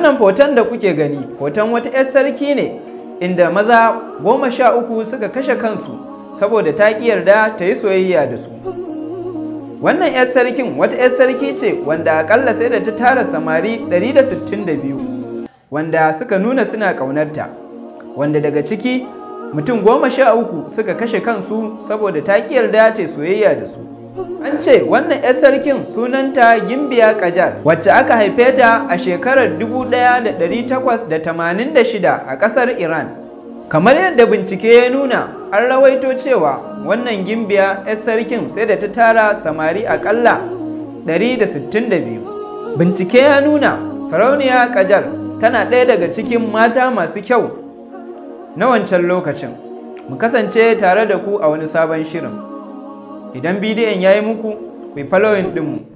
wannan hoton da kuke gani hoton wata 'yar sarki ne inda maza goma sha uku suka kashe kansu saboda ta ƙi yarda ta yi soyayya da su wannan 'yar sarkin wata 'yar sarki ce wanda akalla sai da ta tara samari 162 wanda suka nuna suna ƙaunarta wanda daga ciki mutum goma sha uku suka kashe kansu saboda ta ƙi yarda ta yi soyayya da su An ce wannan 'yar sarkin sunanta Gimbiya Kajar wacce aka haife ta a shekarar 1886 a ƙasar Iran. Kamar yadda bincike ya nuna an rawaito cewa wannan Gimbiya 'yar sarkin sai da ta tara samari a aƙalla 162. Bincike ya nuna sarauniya Kajar tana ɗaya daga cikin mata masu kyau na wancan lokacin. Mu kasance tare da ku a wani sabon shirin. idan bidiyon ya yi muku ku yi following ɗinmu